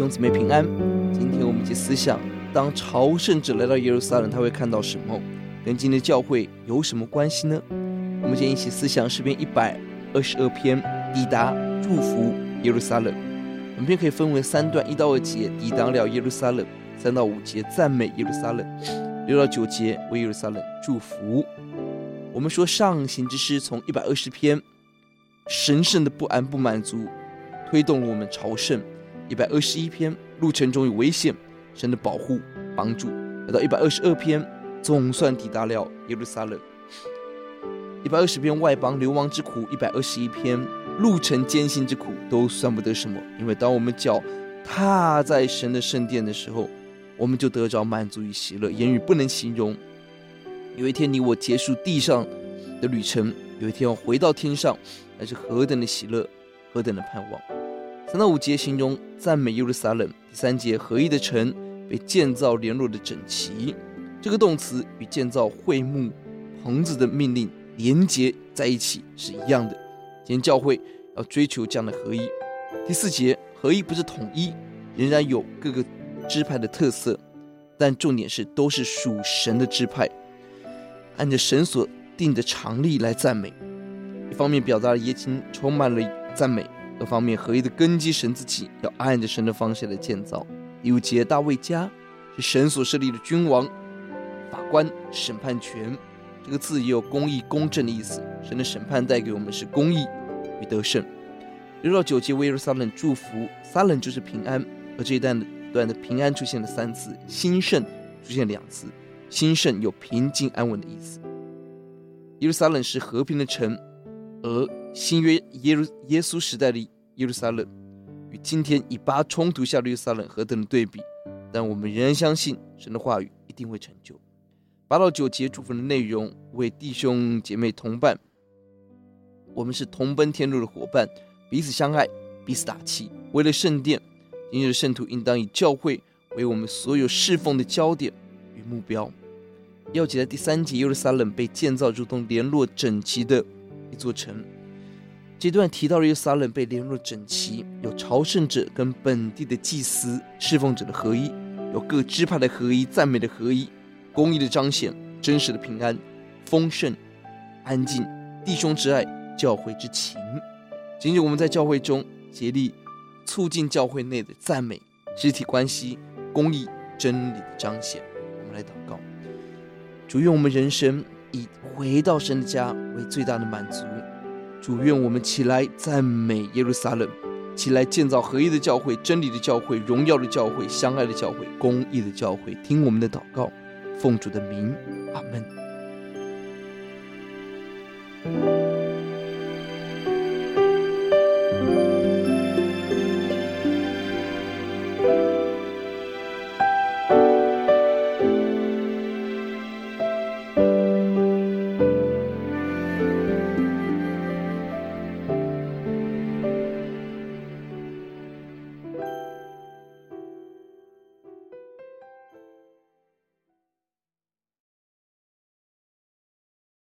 兄姊妹平安，今天我們一起思想：當朝聖者來到耶路撒冷，他會看到什麼？跟今天的教會有什麼關係呢？我們今天一起思想詩篇一百二十二篇，抵達祝福耶路撒冷。本篇可以分為三段：一到二節抵達了耶路撒冷；三到五節讚美耶路撒冷；六到九節為耶路撒冷祝福。我們說，上行之詩從一百二十篇，神聖的不安不滿足，推動了我們朝聖。一百二十一篇，路程中有危險，神的保護幫助，來到一百二十二篇，總算抵達了耶路撒冷。一百二十篇外邦流亡之苦，一百二十一篇路程艱辛之苦，都算不得什麼。因為當我們腳踏在神的聖殿的時候，我們就得着滿足與喜樂，言語不能形容。有一天你我結束地上的旅程，有一天我回到天上，那是何等的喜樂，何等的盼望！三到五節形容讚美耶路撒冷。第三節，合一的城被建造聯絡的整齊。這個動詞與建造會幕棚子的命令連接在一起是一樣的。今天教會要追求這樣的合一。第四節，合一不是統一，仍然有各個支派的特色，但重點是都是屬神的支派，按着神所定的常例來讚美。一方面表達了耶京，充滿了讚美。各方面合一的根基，神自己要按着神的方式來建造。五節，大衛家是神所設立的君王、法官、審判權，這個字也有公義、公正的意思。神的審判帶給我們是公義與得勝。六到九節，為耶路撒冷祝福，撒冷就是平安。而這一段的段的平安出現了三次，興盛出現兩次，興盛有平靜安穩的意思。耶路撒冷是和平的城。而新約耶路耶穌時代的耶路撒冷，與今天以巴衝突下的耶路撒冷何等的對比！但我們仍然相信神的話語一定會成就。八到九節祝福的內容，為弟兄姐妹同伴，我們是同奔天路的夥伴，彼此相愛，彼此打氣。為了聖殿，今日的聖徒應當以教會為我們所有侍奉的焦點與目標。要記得第三節耶路撒冷被建造如同聯絡整齊的一座城。這段提到了耶路撒冷被聯絡整齊，有朝聖者跟本地的祭司侍奉者的合一，有各支派的合一，讚美的合一，公義的彰顯，真實的平安，豐盛，安靜，弟兄之愛，教會之情。今日我們在教會中竭力促進教會內的讚美、肢體關係、公義，真理的彰顯。我們來禱告，主願我們人生已回到神的家。最大的滿足，主願我們起來讚美耶路撒冷，起來建造合一的教會、真理的教會、榮耀的教會、相愛的教會、公義的教會。聽我們的禱告，奉主的名，阿門。